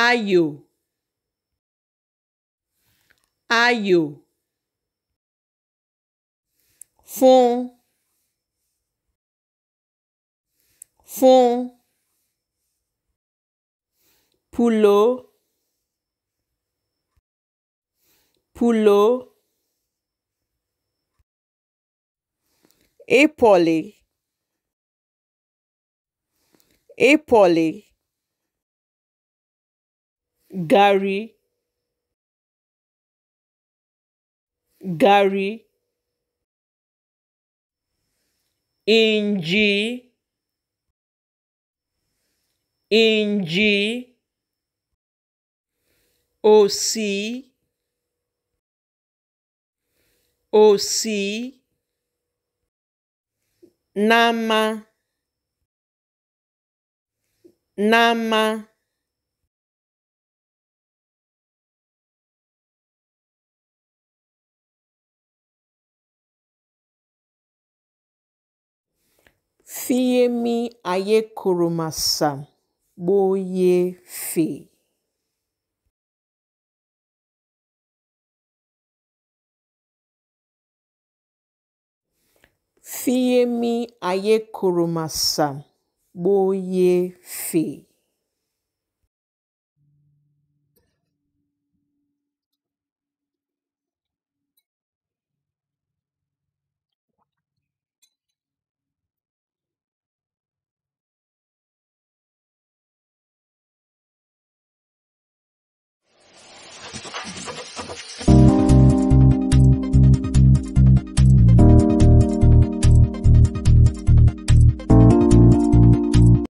ayò ayò fún fún pùlò pùlò èpọ̀lì èpọ̀lì. garị gari, inji inji osi osi nama nama Fiyemi Fiemi Ayekoromasam Gboyèfè Fiemi Ayekoromasam fe.